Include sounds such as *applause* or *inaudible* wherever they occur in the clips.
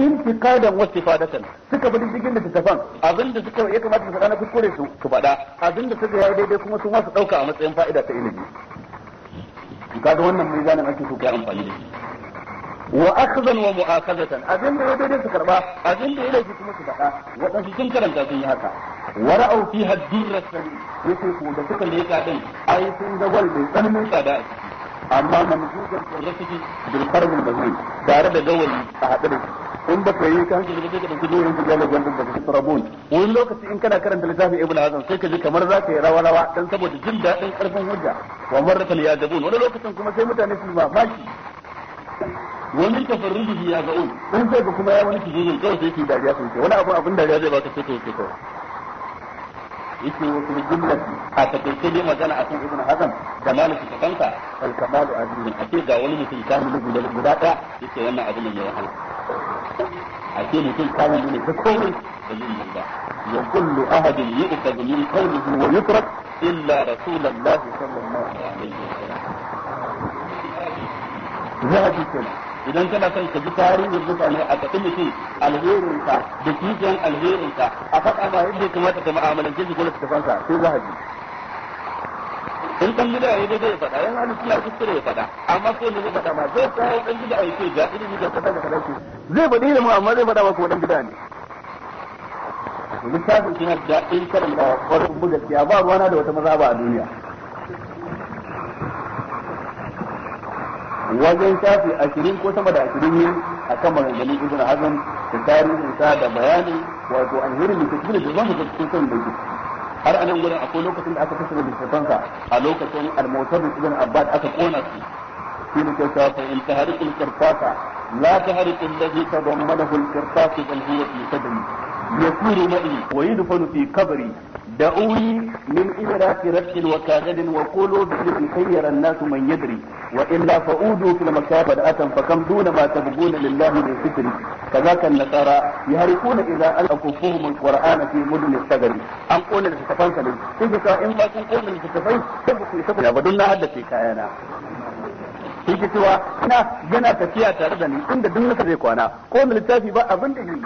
intiqadan wasu fadatan suka bi jigin da tafan abinda suka ya kamata su faɗa na kuskure su su faɗa abinda suka yi daidai kuma su masu ɗauka a matsayin fa'ida ta ilimi kaga wannan mai zanen ake so kai amfani da shi wa akhzan wa mu'akhazatan abinda ya daidai su karba abinda ya daidai kuma su faɗa waɗansu sun karanta sun yi haka wa ra'aw fi haddira sani yake ko da suka leka din ai sun ga gwal mai tsananin tsada a ciki amma manzuzar da suke bilfarmin da zai tare da gawali a haɗe da in ba ka yi ka hankali ba sai ka dauki doyin kujiyar da gandun daga sarabun wani lokaci in kana karanta littafin ibn hazan sai ka ji kamar za ka yi rawa rawa dan saboda jin daɗin karfin hujja wa marratal ya dabun wani lokacin kuma sai mutane su mamaki wani tafarruji ya ga'un in sai ka kuma ya wani kijijin kawai sai ki dariya sun ce wani abun abin dariya zai baka sai ka yake kawai yake wa kuma jumlati a takaice ne magana a kan ibn hazan da maliki ta kanka al kamalu azizun ake ga wani mutum kamilin guda ɗaya yake wannan abin ne ya wahala a ce mutum kamun ne ta komai da zai ba ya kullu ahadin yi uka da min kalmihi wa yukrak illa rasulullahi sallallahu alaihi wasallam zaji kenan idan kana son ka ji tarihin mutane a tafi mutum alherinka da kijiyan alherinka a faɗa ba yadda ya kamata ka mu'amalance shi ko littafansa sai za a ji in kan gida ya daidai ya faɗa yana hannun suna kuskure ya faɗa amma sai da zai faɗa ma zai kawo dan gida ya ce ga ilimi da kaza da kaza ce zai da ilimin amma zai faɗa ma ko dan gida ne littafin shi na da in karin da wata kuma ba ruwana da wata maza ba a duniya wajen shafi ashirin ko sama da ashirin ne a kan maganganun ibn hazan da tarihin sa da bayanin wato an hirin da cikin da zama da cikin son da ke har anan gurin akwai lokacin da aka kashe littafansa a lokacin al da ibn abbad aka kona su shi ne ke cewa in taharikul kirfata لا تعرف الذي تضمنه هو الهية صدري يسير معي ويدفن في قبري دعوني من إدراك رفش وكاغد وقولوا بإذن خير الناس من يدري وإلا فأودوا في المكابة أتم فكم دون ما تبقون لله من ستري كذاك النصارى يهرقون إذا ألقفوهم القرآن في مدن الشجر أم قول لتتفنسل تجد إما ما تنقل لتتفنسل تبقوا يا بدلنا هذا في كائنا yake cewa ina yana tafiya tare da ni inda duk nasa zai kwana ko mu littafi ba abin da yi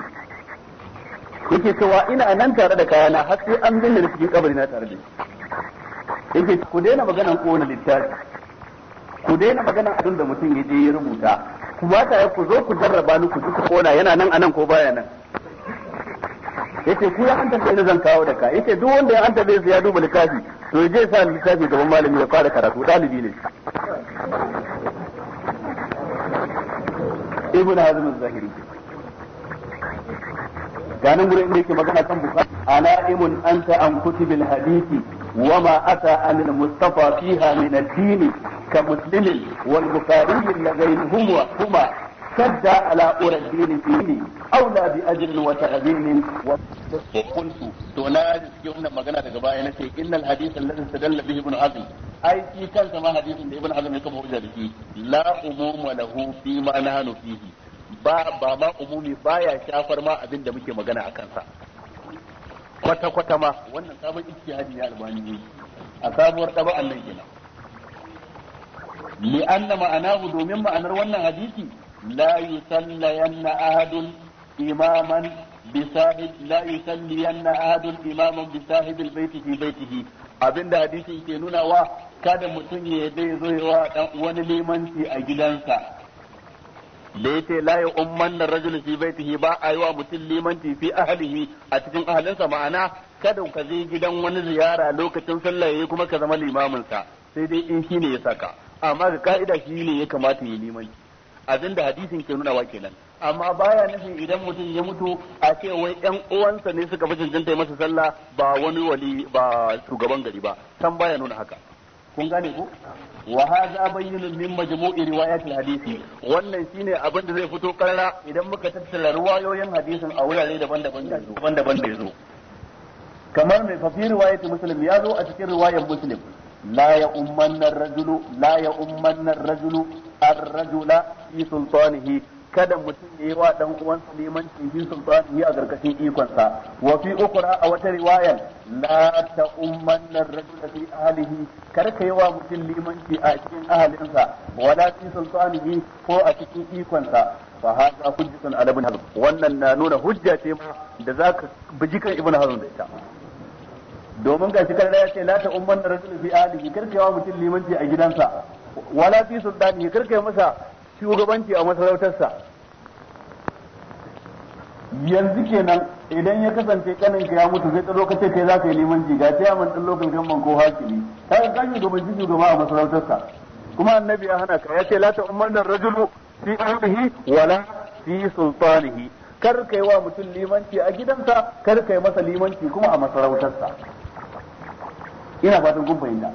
yake cewa ina nan tare da kayana har sai an binne ni cikin kabari na tare da ni yake ku daina maganan kona littafi ku daina maganan abin da mutum ya je ya rubuta ku ba ta ku zo ku jarraba ni ku duka kona yana nan anan ko baya nan yace ku ya an tambaye zan kawo da ka yace duk wanda ya an zai ya duba littafi to je sa littafi gaban malami ya fara karatu dalibi ne ibn hazm az-zahiri ganin gurin da yake magana kan bukhari alaimun anta an kutubil hadisi وما أتى عن المصطفى فيها من الدين كمسلم والبخاري لغيرهما هما اشتد على أرجين فيه أولى بأجر وتعظيم وقلت تناج يومنا ما قلنا تقبائنا إن الحديث الذي استدل به ابن عزم أي في كان كما حديث ابن عزم يكبه فيه لا أموم له فيما نحن فيه ba ba ma umumi baya shafar ma abin da muke magana a kansa kwata kwata ma wannan sabon ijtihadi ne albani a sabuwar daba Allah kenan li anna ma'anahu domin ma'anar wannan hadisi لا يصلين أحد إماما بصاحب لا يصلين أحد إماما بصاحب البيت في بيته abinda hadisi ke nuna wa kada mutum ya dai zoyewa dan wani limanci a gidansa da yace la ya umman da rajul fi baitihi ba a yi wa mutum limanci fi ahlihi a cikin ahlinsa ma'ana kada ka je gidan wani ziyara lokacin sallah yayi kuma ka zama limamin sa sai dai in shine ya saka amma ga ka'ida shine ya kamata ya limanci abinda hadisin ke nuna wa kenan amma baya nufin idan mutum ya mutu a ce wai ƴan uwansa ne suka fi jinta masa sallah ba wani wali ba shugaban gari ba san baya nuna haka kun gane ko wa hadha bayyinun min majmu'i riwayatil hadisi wannan shine abin da zai fito karara idan muka tattara riwayoyin hadisin a wurare daban-daban yanzu daban-daban da yazo kamar mai fafi riwayat muslim ya zo a cikin riwayar muslim la ya umman rajulu la ya ummanna rajulu ar-rajula fi kada mutum ya yi wa ɗan uwansa limanci fi sultanihi a gargashin ikonsa wa fi ukra a wata riwayan la ta ummanna ar-rajula fi ahlihi kar ka yi wa mutum limanci a cikin ahalinsa wala fi sultanihi ko a cikin ikonsa fa hada hujjatun ala ibn hazm wannan na nuna hujja ce ma da za ka zaka bijikan ibn hazm da ita domin ga gashi kada ya ce la ta umman rajul fi yi wa mutum limanci a gidansa wala fi sultani karka masa shugabanci a masarautarsa yanzu kenan idan ya kasance kanin ya mutu zai tsaro kace kai za ka yi neman jiga ta yaman dan lokacin gamban ko hakimi ta ga gaban shugabanci shugaba a masarautarsa kuma annabi ya hana ka ya ce la ta umarnar rajulu fi ahlihi wala fi sultanihi kar kai wa mutum limanci a gidansa kar kai masa limanci kuma a masarautarsa ina fatan kun fahimta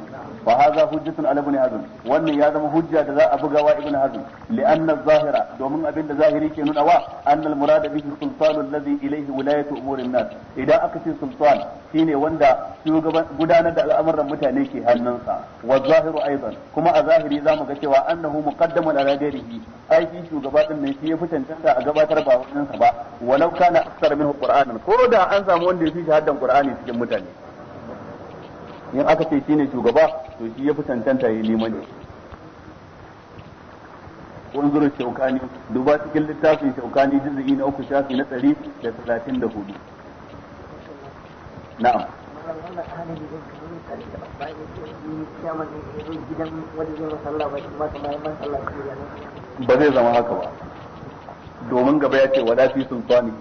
fa haza hujjatun ala ibn hazm wannan ya zama hujja da za a buga wa ibn hazm li anna zahira domin abin da zahiri ke nuna wa anna al murada bihi sultan alladhi ilayhi wilayatu umurin nas idan aka ce sultan shine wanda shugaban gudanar da al'amuran mutane ke hannunsa wa zahiru aidan kuma a zahiri zamu ga cewa annahu muqaddamun ala ghairihi aiki shugaba din nan shi ya fi tantanta a gabatar ba wannan ba walau kana aksar minhu qur'anan ko da an samu wanda ya fi shahaddan qur'ani cikin mutane in aka ce shine shugaba to shi ya fi tantanta yi limanci unzuru shaukani duba cikin littafin shaukani juz'i na uku shafi na ɗari da talatin da hudu na'am ba zai zama haka ba domin gaba ya ce wada fi sultani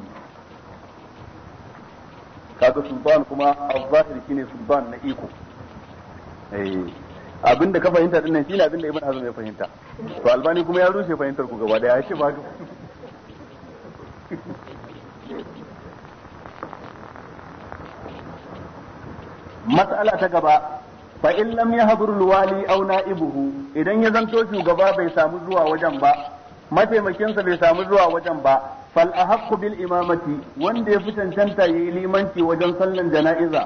kaga sulban kuma al-zahir shine sulban na iko eh, abinda ka fahimta din nan shine abinda ibn hazm ya fahimta to albani kuma ya rushe fahimtar ku gaba daya ce ba mas'ala ta gaba fa in lam yahdhur al-wali aw na'ibuhu idan ya zanto shugaba bai samu zuwa wajen ba mataimakinsa bai samu zuwa wajen ba fal ahaqqu bil imamati wanda ya fi cancanta yayi limanci wajen sallan jana'iza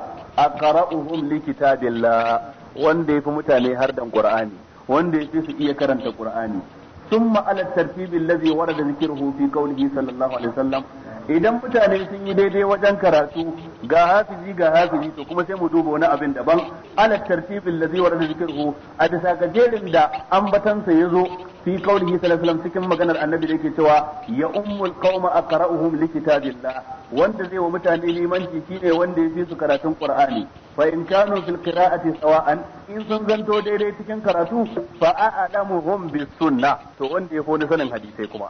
aqra'uhum li kitabillah wanda ya fi mutane har dan qur'ani wanda ya fi su iya karanta ƙur'ani. Tun على الترتيب الذي ورد ذكره hofi قوله صلى الله عليه وسلم idan mutane sun yi daidai wajen karatu ga hafizi ga hafizi to kuma sai mu duba wani abin daban ala tartibin ladhi wa zikruhu a bisa ga jerin da ambatansa yazo fi qaulihi sallallahu alaihi wasallam cikin maganar annabi da yake cewa ya ummul qauma aqra'uhum li kitabillah wanda zai wa mutane limanci shine wanda ya fi su karatun qur'ani fa in kanu fil qira'ati sawa'an in sun zanto daidai cikin karatu fa a'lamuhum bis sunnah to wanda ya fi sanin hadisai kuma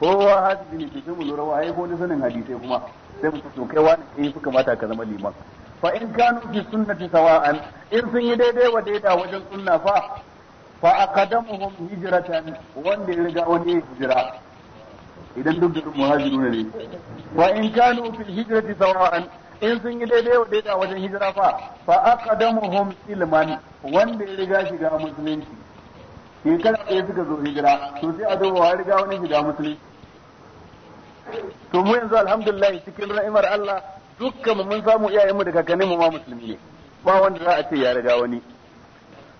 kowa hadisi ne ke mu lura waye ko sanin hadisai kuma sai mu to kai wani kai eh suka kamata ka zama liman fa in kanu fi sunnati sawa'an in sun yi daidai wa daida wajen sunna fa fa aqadamuhum hijratan wanda ya riga wani hijira idan duk da muhajiru ne fa in kanu fi hijrati sawa'an in sun yi daidai wa daida wajen hijira fa fa aqadamuhum ilman wanda ya riga shiga musulunci shekara ɗaya suka zo hijira to sai a duba wa riga wani shiga musulunci to mu yanzu alhamdulillah cikin ni'imar Allah dukkan mun samu iyayenmu da kakanninmu ma musulmi ne ba wanda za a ce ya riga wani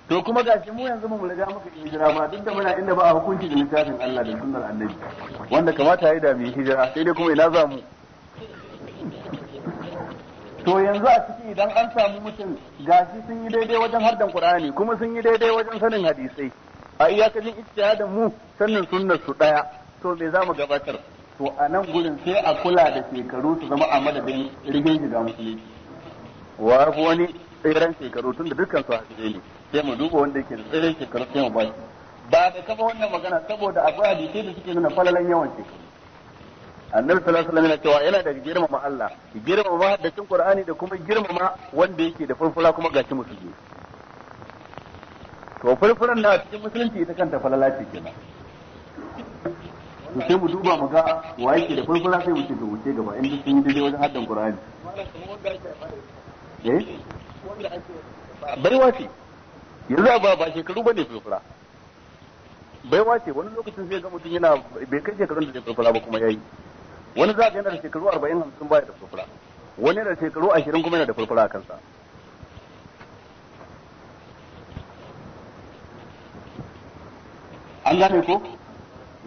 to kuma gashi mu yanzu mu riga muka yi hijira ba duk da muna inda ba a hukunci da littafin Allah da sunnar annabi wanda kamata ya da mu hijira sai dai kuma ina za mu to yanzu a ciki idan an samu mutum gashi sun yi daidai wajen hardan Qur'ani kuma sun yi daidai wajen sanin hadisai a iyakacin ijtihadin mu sannin sunnar su daya to me za mu gabatar to a nan gudun sai a kula da shekaru su zama a madadin rigin shiga musulunci wa fi wani tseren shekaru tun da dukkan su haske ne sai mu duba wanda yake da tseren shekaru sai mu baki ba da kafa wannan magana saboda akwai hadisai da suke nuna falalan yawan shekaru annabi sallallahu alaihi wasallam yana cewa yana da girmama Allah girmama da cin Qur'ani da kuma girmama wanda yake da furfura kuma gashi musulmi to furfuran na cikin musulunci ita kanta falala ce kenan to sai mu duba mu ga wa yake da furfura sai mu ce ga wuce gaba inda sun yi daidai wajen haddan qur'ani eh baiwa ce yanzu ba ba shekaru bane furfura baiwa ce wani lokacin sai ga mutum yana bai kai shekarun da zai ba kuma yayi wani za ka yana da shekaru 40 50 baya da furfura wani da shekaru 20 kuma yana da furfura kansa an gane ko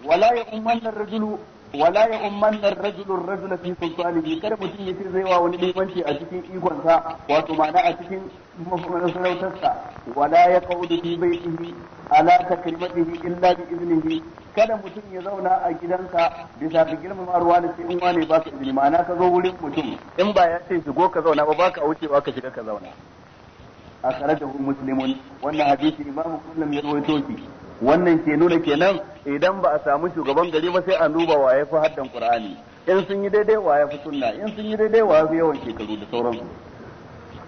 wala ya umman rajulu wala ya umman rajulun rajula fi sultanihi kada mutum ya ce zai wa wani limanci a cikin ikonsa wato ma'ana a cikin masarautarsa wala ya qaudu fi baitihi ala takrimatihi illa bi iznihi kada mutum ya zauna a gidansa bisa ga girmamawa da sai in wane ba ka izini ma'ana ka zo wurin mutum in ba ya ce shigo ka zauna ba baka wucewa ka shiga ka zauna akhrajahu muslimun wannan hadisi imamu kullum ya rawaito shi wannan ke nuna kenan idan ba a samu shugaban gari ba sai a duba wa yafi haddan qur'ani in sun yi daidai wa yafi sunna in sun yi daidai wa fi yawan kekaru da sauransu. su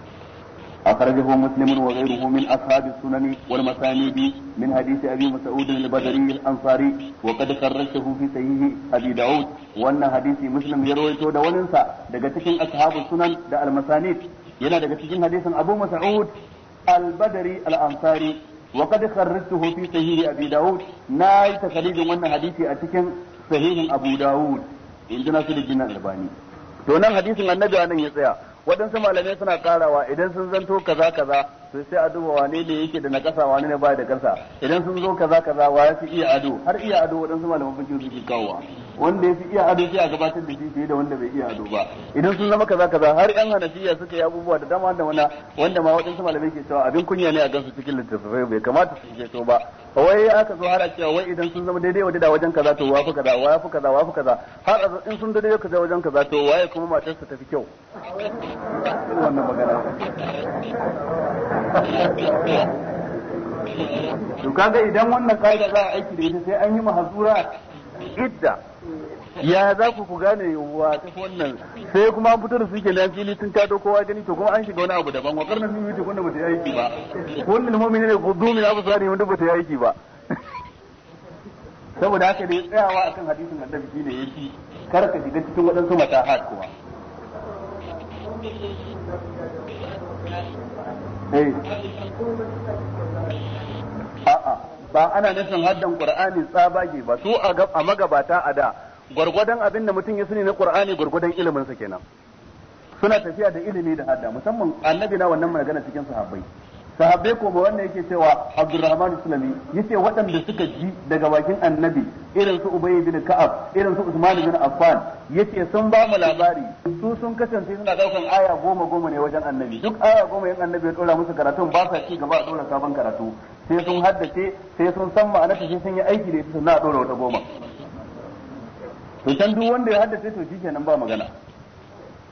a karje ko muslimin wa gairuhu min ashabi sunani min hadisi abi mas'ud al badri al ansari wa kad kharrajahu fi sahih abi daud wannan hadisi muslim ya rawaito da wannan sa daga cikin ashabi sunan da al yana daga cikin hadisin abu mas'ud al badri al ansari wa qad kharrajtuhu fi sahihi abi daud na yi wannan hadisi a cikin sahihin abu daud inda na da jinan albani to nan hadisin annabi anan ya tsaya waɗansu malamai suna karawa idan sun zanto kaza kaza sai sai a duba wane ne yake da nakasa wane ne baya da kasa idan sun zo kaza kaza wa yafi iya ado har iya ado waɗansu malaman fikihu suke kawowa wanda yafi iya ado sai a gabatar da shi fiye da wanda bai iya ado ba idan sun zama kaza kaza har yan hanafiya suka yi abubuwa da dama da wana wanda ma waɗansu malamai ke cewa abin kunya ne a gansu cikin littattafai bai kamata su ke so ba wai aka zo har a cewa wai idan sun zama daidai wadda wajen kaza to wa fi kaza wa fi kaza wa fi kaza har a in sun daidai kaza wajen kaza to waye kuma matarsa tafi kyau wannan magana duka ga idan wannan kaida za a aiki da ita sai an yi mahazura idda ya za ku ku gane wa ta wannan sai kuma an fito da suke na fili tun ta kowa gani to kuma an shiga wani abu daban wa karnan sun yi ba bata yi aiki ba wannan mu'mini ne gudu min abu sani wanda bata yi aiki ba saboda haka dai tsayawa akan hadisin annabi ne yake kar ka shiga cikin waɗansu matahat kuma Eh. a'a ba ana nufin haddan qur'ani tsabage ba su a magabata a da gwargwadon abin da mutum ya sani na qur'ani gwargwadon ilimin sa kenan suna tafiya da ilimi da hadda musamman annabi na wannan magana cikin sahabbai Sahabe ko ba wanda yake cewa Abdurrahman Sulami yace waɗanda suka ji daga bakin Annabi irin su Ubay bin Ka'ab irin su Usman bin Affan yace sun ba mu labari su sun kasance suna daukan aya goma goma ne wajen Annabi duk aya goma yin Annabi ya dora musu karatu ba sa ci gaba a dora sabon karatu sai sun haddace sai sun san ma'anar sai sun yi aiki da ita na dora wata goma to can wanda ya haddace to shi kenan ba magana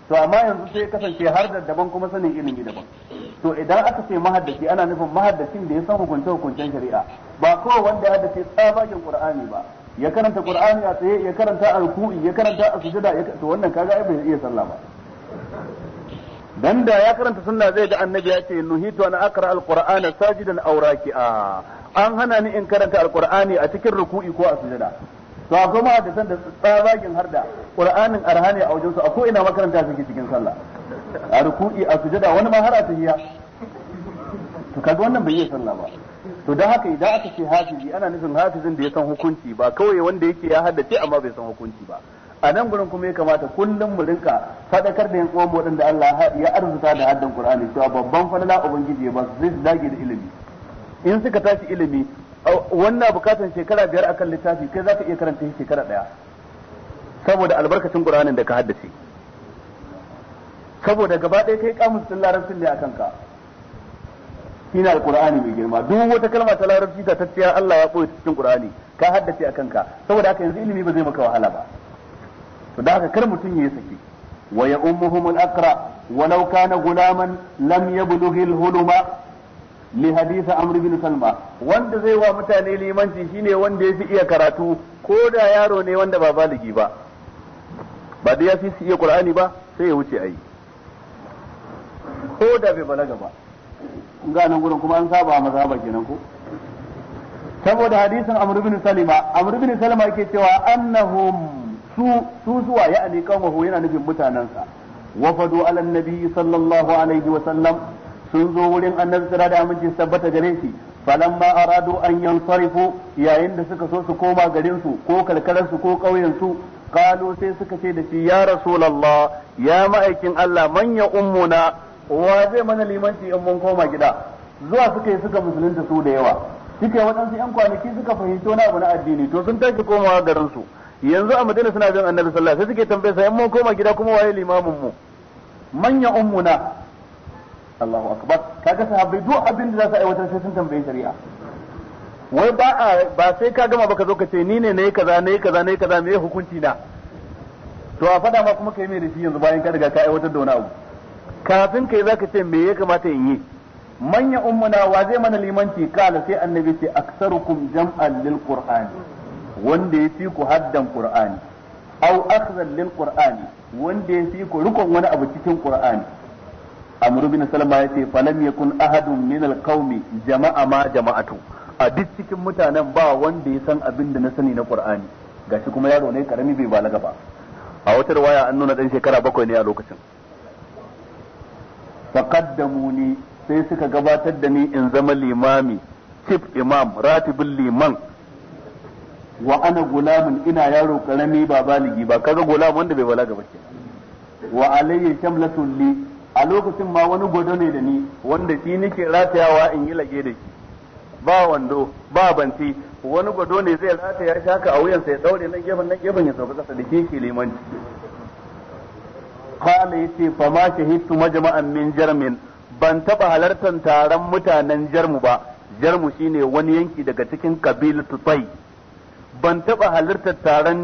to amma yanzu sai kasance har da daban kuma sanin ilimi daban to idan aka ce mahaddaci ana nufin mahaddacin da ya san hukunce hukuncen shari'a ba kowa wanda ya dace tsabagen qur'ani ba ya karanta qur'ani a tsaye ya karanta alku'i ya karanta asujada. to wannan kaga ai bai iya sallah ba dan da ya karanta sunna zai ga annabi ya ce nuhitu an aqra alqur'ana sajidan aw raki'a an hana ni in karanta alqur'ani a cikin ruku'i ko a to akwai ma da san da tsabagen harda qur'anin arhani a wajen su a ko ina makaranta suke cikin sallah a ruku'i a sujada wani ma har a tahiyya to kaga wannan bai yi sallah ba to dan haka idan aka ce hafizi ana nufin hafizin da ya san hukunci ba kawai wanda yake ya haddace amma bai san hukunci ba a nan gurin kuma ya kamata kullum mu rinka faɗakar da yan uwan mu wadanda Allah ya arzuta da haddan Qur'ani cewa babban fadala ubangiji ya ba su zai dage da ilimi in suka tashi ilimi wannan bukatan shekara biyar akan littafi kai ka iya karanta shi shekara daya saboda albarkacin qur'anin da ka haddace saboda gaba ɗaya kai kamus din larabcin ne akan ka shine alqur'ani mai girma duk wata kalma ta larabci ta tafiya, Allah ya koyi cikin qur'ani ka haddace akan ka saboda haka yanzu ilimi ba zai maka wahala ba to da haka kar mutum ya saki wa ya ummuhum al-aqra walau kana gulaman lam yablughi al-huluma li hadith amr bin salma wanda zai wa mutane limanci shine wanda yafi iya karatu ko da yaro ne wanda ba baligi ba ba da yafi iya qur'ani ba sai ya wuce ayi ko da bai balaga ba kun ga nan gurin kuma an saba ba kenan ko saboda hadisin amr bin salima amr bin salima yake cewa annahum su su suwa ya ali yana nufin mutanansa wafadu ala nabi sallallahu alaihi wa sallam sun zo wurin annabi sira da aminci tabbata gare shi ma aradu an yansarifu yayin da suka so su koma garin su ko karkarar su ko ƙauyen su qalu sai suka ce da shi ya rasulullah ya ma'aikin Allah man ya ummuna wa zai mana limanci in mun koma gida zuwa suka yi suka musulunta su da yawa suka yi waɗansu 'yan kwanaki suka fahimci wani abu na addini to sun tashi komawa garin su yanzu a madina suna bin annabi sallallahu alaihi wasallam sai suke tambaye sa in mun koma gida kuma waye limamin mu manya ummuna Allahu akbar kaga sahabbai duk abin da za su aiwatar sai sun tambaye shari'a wai ba a ba sai ka gama ba ka zo ka ce ni ne nayi kaza nayi kaza nayi kaza me hukunci na to a fada ma kuma kai me da shi yanzu bayan ka riga ka aiwatar da wani abu kafin kai zaka ce me ya kamata in yi manya ummuna wa zai mana limanci kala sai annabi ce aksarukum jam'an lil qur'ani wanda ya fi ku haddan qur'ani au akhzan lil qur'ani wanda ya fi ku rukun wani abu cikin qur'ani amru bin salama yace falam yakun ahadun min alqaumi jama'a ma jama'atu a duk cikin mutanen ba wanda ya san abin da na sani na qur'ani gashi kuma yaro ne karami bai balaga ba a wata riwaya an nuna dan shekara bakwai ne a lokacin faqaddamuni sai suka gabatar da ni in zama limami chief imam ratibul liman wa ana gulamin ina yaro karami ba baligi ba kaga gulam wanda bai balaga ba ke wa alayhi shamlatul li a lokacin ma wani gwado ne da ni wanda shi nake ratayawa in yi lage da shi ba wando ba banti wani gwado ne zai rataya shaka a wuyansa ya daure nan gefen nan gefen ya sauka kasa da ke ke limanci kala yace fama shi shahidtu majama'an min jarmin ban taba halartar taron mutanen jarmu ba jarmu shine wani yanki daga cikin kabilu tutai ban taba halartar taron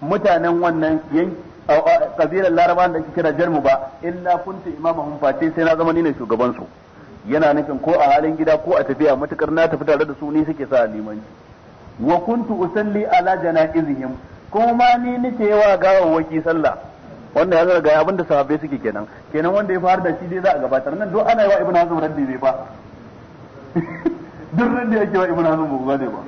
mutanen wannan yanki kabilar laraba da ake kira jarmu ba illa kuntu imamahum face sai na zama ni ne shugaban su yana nufin ko a halin gida ko a tafiya matukar na tafi tare da su ni suke sa limanci wa kuntu usalli ala janaizihim kuma ni nake wa gawawwaki sallah wanda ya zarga abin da sahabbai suke kenan kenan wanda ya fara da shi dai za a gabatar nan duk ana yi wa ibn hazm raddi ne ba *laughs* duk raddi yake wa Ibn hazm ba ne ba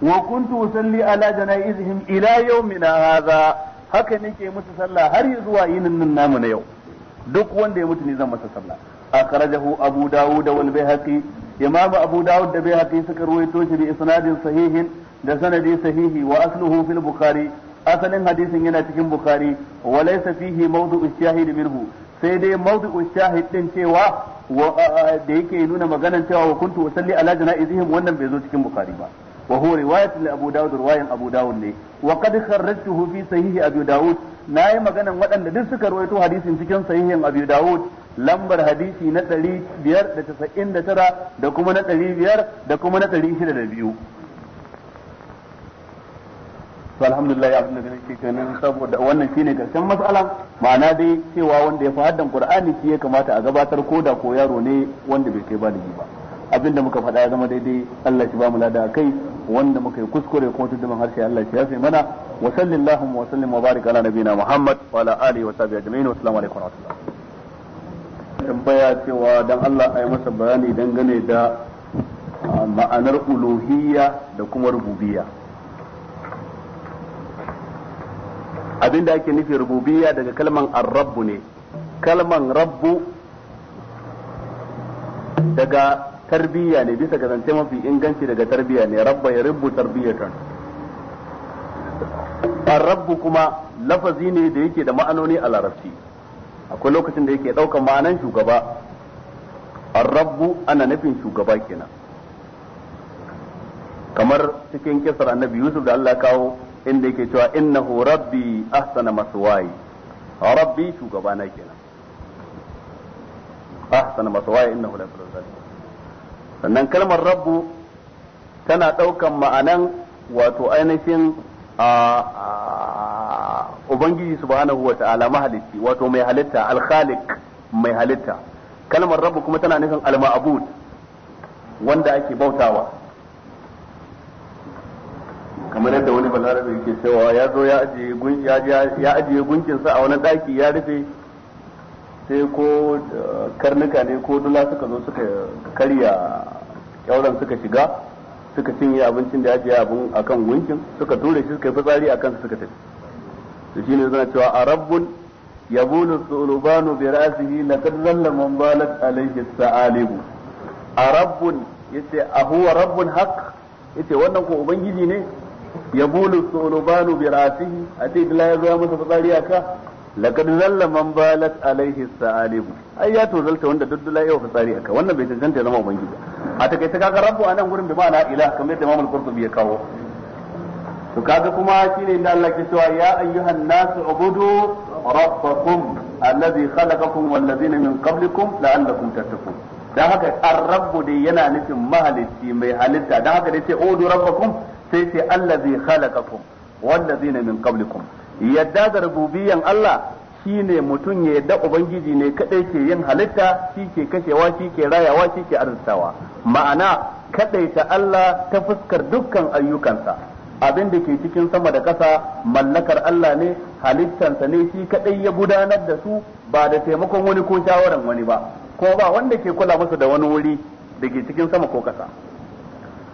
wa kuntu usalli ala janaizihim ila yawmina hadha haka nake musu sallah har zuwa yinin nan namu na yau duk wanda ya mutu ni zan masa sallah akhrajahu abu dawud wal baihaqi imam abu dawud da baihaqi suka ruwaito shi bi isnadin sahihin da sanadi sahihi wa asluhu fil bukhari asalin hadisin yana cikin bukhari wa laysa fihi mawdu'u shahid minhu sai dai mawdu'u shahid din cewa da yake nuna maganar cewa wa kuntu usalli ala janaizihim wannan bai zo cikin bukhari ba wa huwa riwayatun li abu dawud riwayan abu dawud ne wa qad kharrajtuhu fi sahihi abu dawud nayi magana waɗanda duk suka rawaito hadisin cikin sahihin abu dawud lambar hadisi na 599 da kuma na 500 da kuma na 602 to alhamdulillah abin da gani nan kenan saboda wannan shine karshen mas'ala ma'ana dai cewa wanda ya fi haddan qur'ani shi ya kamata a gabatar ko da ko yaro ne wanda bai kai ba baligi ba abinda muka faɗa ya zama daidai Allah shi ba mu lada kai wanda muka yi kuskure ko tuddumin harshe Allah ya yafe mana wa sallallahu wa sallim wa barik ala nabiyina Muhammad wa ala alihi wa sahbihi ajma'in wa assalamu alaikum wa rahmatullah tambaya cewa dan Allah ayi masa bayani dangane da ah, ma'anar uluhiyya da kuma rububiyya abinda ake nufi rububiyya daga kalman ar-rabbu ne kalman rabbu daga tarbiyya ne bisa ga zance mafi inganci daga tarbiyya ne rabba ya rubu a rabbu kuma lafazi ne da yake da ma'anoni a larabci akwai lokacin da yake daukan ma'anan shugaba rabbu ana nufin shugaba kenan kamar cikin kisar annabi yusuf da allah kawo inda yake cewa innahu rabbi ahsana masuwai rabbi na kenan ahsana maswayi innahu la sannan kalmar rabbu tana ɗaukan ma'anan wato ainihin a ubangiji subhanahu wa ta'ala mahalicci wato mai halitta alkhaliq mai halitta kalmar rabbu kuma tana nufin alma'bud wanda ake bautawa kamar yadda wani balarabe yake cewa ya zo ya ajiye gunkinsa a wani daki ya rufe sai ko eh, karnuka ne ko dula suka zo suka karya kyauran suka shiga suka cinye abincin da ya ajiye abin akan gunkin suka tura shi suka yi fitsari a akan suka tafi to ne zana cewa a rabbun yabulu sulubanu bi ra'sihi laqad zalla man balat alayhi sa'alibu a rabbun yace a huwa rabbun haqq yace wannan ko ubangiji ne yabulu sulubanu bi ra'sihi a ce dila ya zo masa fitsari a ka. laqad zalla man balat alaihi sa'alib ai ya to zalta wanda duddula yau fitsari aka wannan bai cancanta ya zama ubangiji a takaice kaga rabbu anan gurin bi ma'ana ilah kamar da Imam al-Qurtubi ya kawo to kaga kuma shine inda Allah ke cewa ya ayyuhan nasu ubudu rabbakum alladhi khalaqakum wal ladina min qablikum la'allakum tattaqun dan haka ar-rabbu dai yana nufin mahalicci mai halitta dan haka dai sai ubudu rabbakum sai sai allazi khalaqakum wal ladina min qablikum yadda da rububiyan Allah ne mutum ya yadda ubangiji ne kadai ke yin halitta shi ke kashewa shi ke rayawa shi ke arzikawa ma'ana ta Allah ta fuskar dukkan ayyukansa abin da ke cikin sama da ƙasa mallakar Allah ne halittansa ne shi kadai ya gudanar da su ba da taimakon wani ko shawaran wani ba ko ba wanda ke kula masa da wani wuri da ke cikin sama ko ƙasa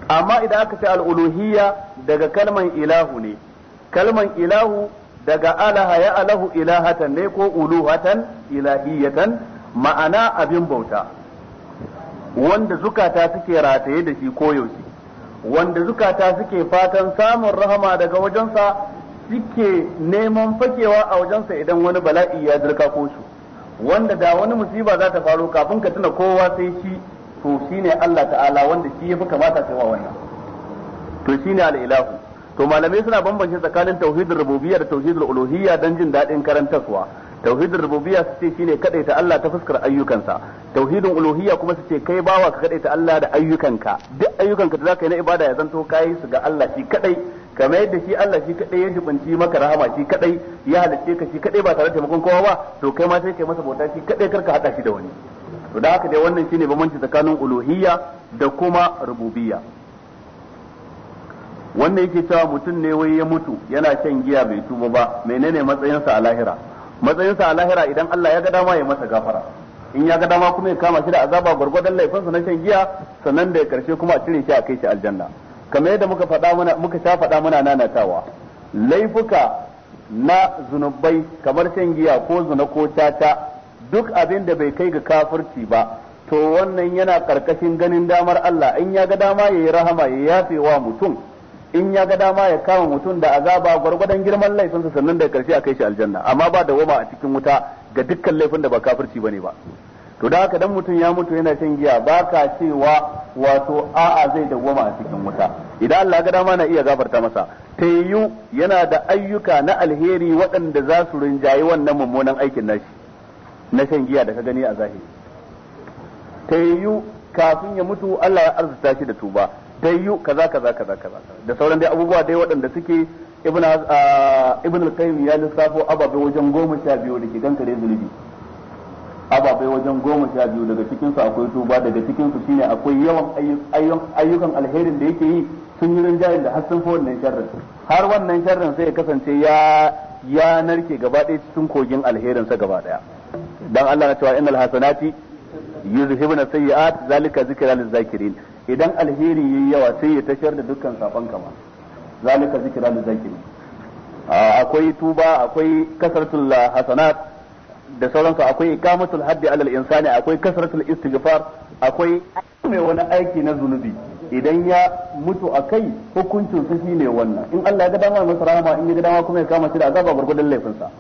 amma idan aka ce al'uluhiyya daga kalman ilahu ne kalman ilahu daga alaha ya alahu ilahatan ne ko uluhatan ilahiyatan ma'ana abin bauta wanda zukata suke rataye da shi koyaushe wanda zukata suke fatan samun rahama daga wajensa suke neman fakewa a wajensa idan wani bala'i ya zirka ko su wanda da wani musiba za ta faru kafin ka tuna kowa sai shi to shine Allah ta'ala wanda shi yafi kamata kai wannan to shine al-ilahu to malamai suna bambance tsakanin tauhidin rububiyya da tauhidin uluhiyya dan jin daɗin karantarwa tauhidin rububiyya su ce shine ta Allah ta fuskar ayyukansa tauhidin uluhiyya kuma su ce kai bawa ka ta Allah da ayyukanka duk ayyukanka da zaka yi na ibada ya zanto kai su ga Allah shi kadai kamar yadda shi Allah shi kadai ya jibanci maka rahama shi kadai ya halicce ka shi kadai ba tare da taimakon kowa ba to kai ma sai kai masa bauta shi kadai karka hada shi da wani to da haka dai wannan shine bambanci tsakanin uluhiyya da kuma rububiyya wannan yake cewa mutum ne wai ya mutu yana shan giya bai tuba ba menene matsayinsa a lahira matsayinsa a lahira idan Allah ya ga dama ya masa gafara in ya ga dama kuma ya kama shi da azaba gwargwadon laifinsa na shan giya sannan da ya karshe kuma a cire shi a kai shi aljanna kamar yadda muka faɗa mana muka sha faɗa mana tawa laifuka na zunubai kamar shan giya ko zuna ko tata duk abin da bai kai ga kafirci ba to wannan yana karkashin ganin damar Allah in ya ga dama ya yi rahama ya yafe wa mutum in ya ga dama ya kama mutum da azaba gwargwadon girman laifinsa sannan da karshe a kai shi aljanna amma ba da wama a cikin wuta ga dukkan laifin da ba kafirci bane ba to da haka dan mutum ya mutu yana shan giya ba ka cewa wato a'a zai da goma a cikin wuta idan Allah ga dama na iya gafarta masa tayyu yana da ayyuka na alheri waɗanda za su rinjayi wannan mummunan aikin nashi na shan giya da ka gani a zahiri tayyu kafin ya mutu Allah ya arzuta shi da tuba dayu kaza kaza kaza kaza da sauran dai abubuwa dai waɗanda suke ibn ibn al-qayyim ya lissafo ababai wajen goma sha biyu da ke gantare zulubi ababai wajen goma sha biyu daga cikin su akwai tuba daga cikin su shine akwai yawan ayyukan alherin da yake yi sun yi rinjayen da har sun fi wannan sharrin har wannan sharrin sai ya kasance ya ya narke gaba ɗaya cikin kogin alherin sa gaba ɗaya dan Allah na cewa innal hasanati yuzhibuna sayyi'at zalika zikra lil zakirin idan alheri yayi yawa sai ya tashar da dukkan saban kama zalika zikra lil zakirin akwai tuba akwai kasratul hasanat da sauransu akwai ikamatul haddi alal insani akwai kasratul istighfar akwai mai wani aiki na zunubi idan ya mutu a kai hukuncin su shine wannan in Allah ya ga dama masa rahama in ya ga dama kuma ya kama shi da azaba gurgudan laifinsa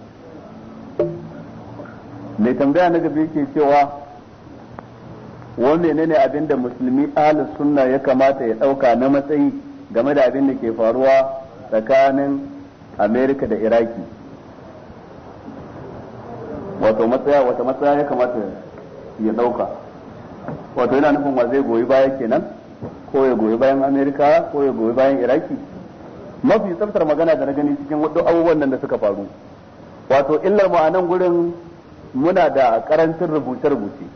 mai tambaya na gaba yake cewa ne ne abin da musulmi ahlus sunna ya kamata ya dauka na matsayi game da abin da ke faruwa tsakanin amerika da iraki wato matsaya wata matsaya ya kamata ya dauka wato yana nufin wa zai goyi baya kenan ko ya goyi bayan amerika ko ya goyi bayan iraki mafi tsaftar magana da na gani cikin wadda abubuwan nan da suka faru wato illar mu a nan gurin muna da karancin rubuce-rubuce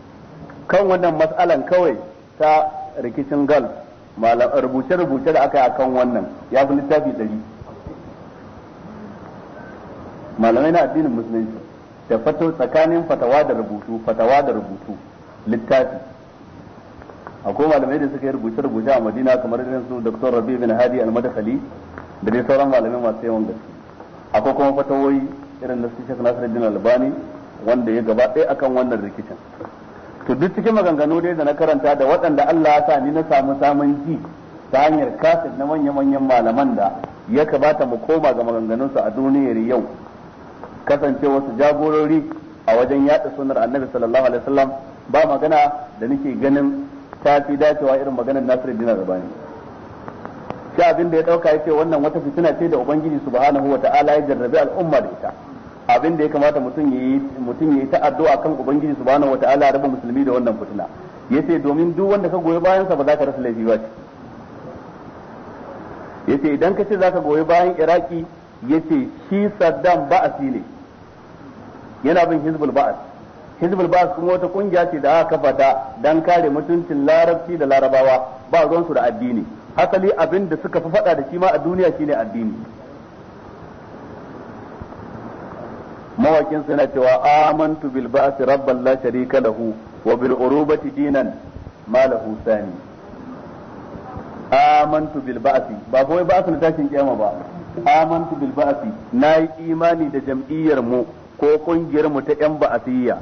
kan wannan matsalan kawai ta rikicin gal rubuce-rubuce da aka yi a kan wannan ya fi littafi ɗari malamai na addinin musulunci da fato tsakanin fatawa da rubutu fatawa da rubutu littafi akwai malamai da suka yi rubuce-rubuce a madina kamar irin su dr rabi bin hadi al-madakhali da dai sauran malamai masu yawan gaske akwai kuma fatawoyi irin na su shek nasiruddin albani wanda ya gaba ɗaya akan wannan rikicin to duk cikin maganganu dai da na karanta da waɗanda Allah ya sa ni na samu samun ji ta hanyar kasid na manya-manyan malaman da ya kamata mu koma ga maganganunsu a duniyar yau kasance wasu jagorori a wajen yaɗa sunar annabi sallallahu alaihi wasallam ba magana da nake ganin ta fi dacewa irin maganar da Bani. shi abin da ya dauka ce wannan wata fitina ce da ubangiji subhanahu wataala ya jarrabi al'umma da ita abin da ya kamata mutum ya yi mutum ya yi ta addu'a kan ubangiji subhanahu wataala rabu musulmi da wannan fitina yace domin duk wanda ka goyi bayan sa ba za ka rasa laifi ba yace idan ka ce za ka goyi bayan iraki yace shi saddam ba'asi ne yana bin hizbul ba'as hizbul ba'as kuma wata kungiya ce da aka kafa ta dan kare mutuncin larabci da larabawa ba ruwan su da addini asali abin da suka fi fada da shi ma a duniya shine addini mawakin suna cewa amantu bil ba'ati rabban la sharika lahu wa bil urubati dinan ma lahu sani amantu bil ba'ati ba fa wai ba'sin tashin kiyama ba amantu bil ba'ati nayi imani da jam'iyyar mu ko kungiyar mu ta yan ba'atiyya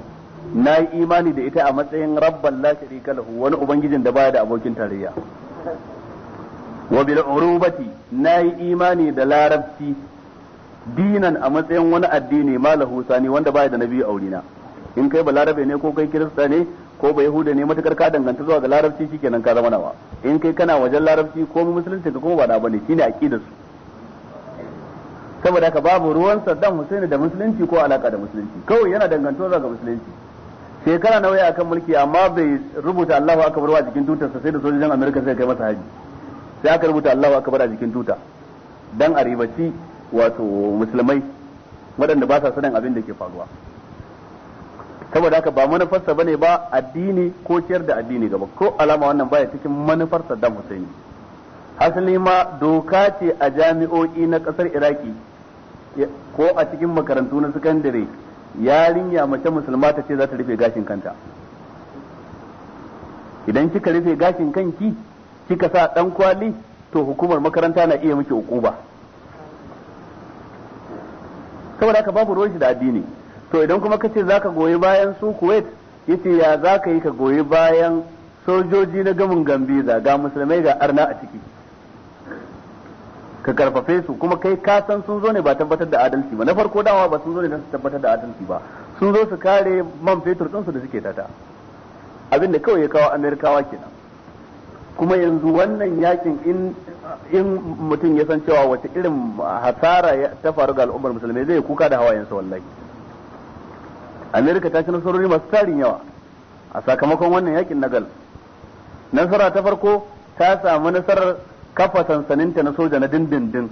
nayi imani da ita a matsayin rabban la sharika lahu wani ubangijin da baya da abokin tarayya wa bil urubati nayi imani da larabci dinan a matsayin wani addini malahu sani wanda baya da nabi na in kai balarabe ne ko kai kirista ne ko ba yahuda ne matukar ka danganta zuwa ga larabci shikenan ka zama nawa in kai kana wajen larabci ko musulunci ka kuma ba da bane shine aqidar su saboda haka babu ruwan Saddam Hussein da musulunci ko alaka da musulunci kawai yana dangantuwa zuwa ga musulunci shekara nawa ya akan mulki amma bai rubuta Allahu akbar a jikin sa sai da sojojin Amerika sai kai masa haji sai aka rubuta Allahu akbar a jikin tuta dan a ribaci wato musulmai waɗanda ba sa sanin abin da ke faruwa saboda haka ba manufarsa bane ba addini ko ciyar da addini gaba ko alama wannan baya cikin manufarsa Saddam Hussein asali ma doka ce a jami'o'i na kasar Iraki ko a cikin makarantu na sakandare yarinya mace musulma ta ce za ta rufe gashin kanta idan kika rufe gashin kanki kika sa dan kwali to hukumar makaranta na iya miki ukuba saboda haka babu ruwan shi da addini to idan kuma kace zaka goyi bayan su Kuwait yace ya zaka yi ka goyi bayan sojoji na gamin Gambiza ga musulmai ga arna a ciki ka karfafe su kuma kai ka san sun zo ne ba tabbatar da adalci ba na farko dawa ba sun zo ne don su tabbatar da adalci ba sun zo su kare man fetur su da suke tata abinda kawai ya kawo amerikawa kenan kuma yanzu wannan yakin in in mutum ya san cewa wata irin hasara ta faru ga al'ummar musulmai zai kuka da hawayensa wallahi amerika ta ci nasarori masu tarin yawa a sakamakon wannan yakin gal nasara ta farko ta samu nasarar kafa sansaninta na soja na dindindin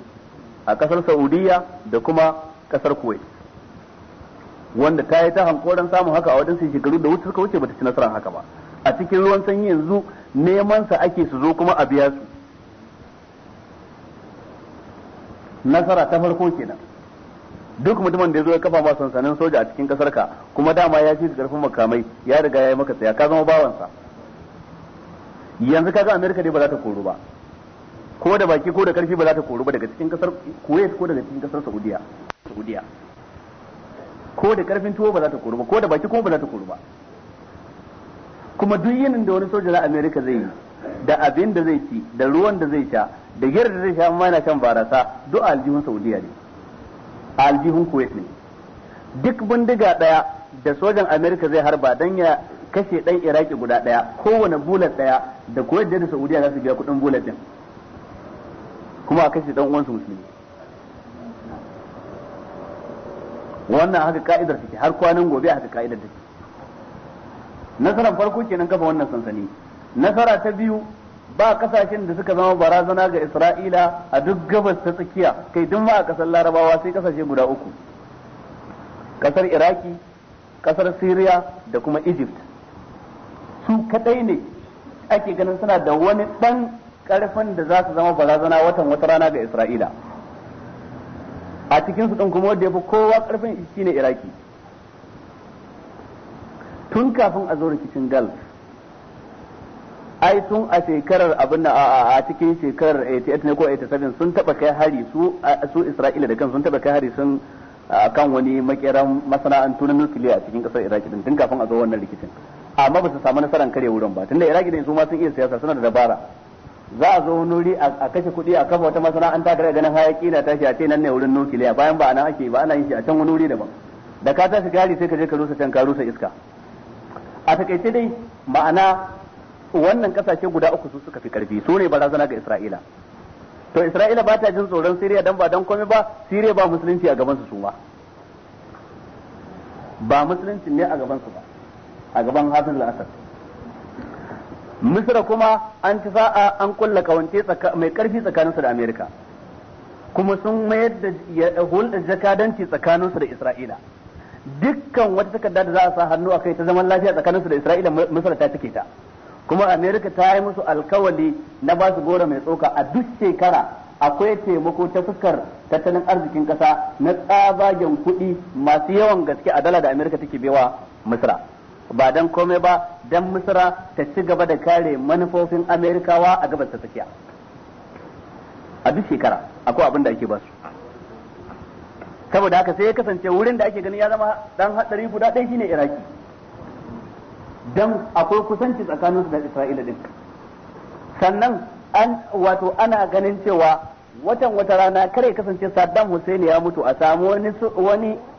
a kasar saudiya da kuma kasar kuwait wanda ta yi ta hankoran samun haka a wajen wadansu shekaru da wuce suka wuce bata ci nasarar haka ba a cikin ruwan sanyi yanzu neman sa ake su zo kuma a biya su nasara ta farko kenan duk mutumin da ya zo ya kafa ma sansanin soja a cikin kasar ka kuma dama ya ci karfin makamai ya riga ya yi maka tsaya ka zama bawansa yanzu kaga amerika dai ba za ta koru ba ko da baki ko da karfi ba za ta koru ba daga cikin kasar kuwait ko daga cikin kasar saudiya saudiya ko da karfin tuwo ba za ta koru ba ko da baki kuma ba za ta koru ba kuma duk yinin da wani soja na amerika zai yi da abin da zai ci da ruwan da zai sha da giyar da zai sha amma yana shan barasa duk aljihun saudiya ne aljihun kuwait ne duk bindiga daya da sojan amerika zai harba dan ya kashe dan iraki guda daya kowane bulat daya da kuwait da saudiya za su biya kudin bulat din kuma a kashe dan uwansu musulmi wannan haka ka'idar take har kwanan gobe haka ka'idar take nasarar farko kenan kafa wannan sansani nasara ta biyu ba kasashen da suka zama barazana ga Isra'ila a duk gabas ta tsakiya kai duk ma a kasar Larabawa sai kasashe guda uku kasar Iraki kasar Syria da kuma Egypt su kadai ne ake ganin suna da wani dan karfin da za su zama barazana watan wata rana ga Isra'ila a cikin su din kuma wanda yafi kowa karfin shine Iraki tun kafin a zo rikicin Gulf ai tun a shekarar abin da a cikin shekarar 88 ko 87 sun taba kai hari su su Isra'ila da kan sun taba kai hari sun kan wani makeran masana'antu na nukiliya a cikin kasar Iraki din tun kafin a zo wannan rikicin amma ba su samu nasarar kare wurin ba tunda Iraki din su ma sun iya siyasa suna da dabara za a zo wani wuri a kashe kuɗi a kafa wata masana'anta kare ganin hayaki na tashi a ce nan ne wurin nukiliya bayan ba ana ake ba ana yin shi a can wani wuri daban da ka tashi gari sai ka je ka rusa can ka rusa iska a takaice dai ma'ana wannan kasashe guda uku su suka fi karfi su ne barazana ga Isra'ila to Isra'ila ba ta jin tsoron Siriya dan ba dan komai ba Siriya ba musulunci a gaban su su ba ba musulunci ne a gaban su ba a gaban Hafiz al asad Misra kuma an ci sa'a an kulla kawance mai karfi tsakaninsu da america kuma sun mayar da hulɗar jakadanci tsakaninsu da Isra'ila dukkan wata takarda da za a sa hannu a kai ta zaman lafiya tsakaninsu da Isra'ila Misra ta cike ta kuma america ta yi musu alkawali na ba su goro mai tsoka a duk shekara akwai taimako ta fuskar tattalin arzikin kasa na tsabagen kuɗi masu yawan gaske a dala da america take bewa misra ba dan komai ba dan misra ta ci gaba da kare manufofin amerikawa a gabas ta tsakiya a duk shekara akwai abin da ake ba su saboda haka sai ya kasance wurin da ake ganin ya zama dan hadari guda ɗaya shine iraki dan akwai kusanci tsakanin su da Isra'ila din sannan an wato ana ganin cewa watan wata rana kare kasance Saddam Hussein ya mutu a samu wani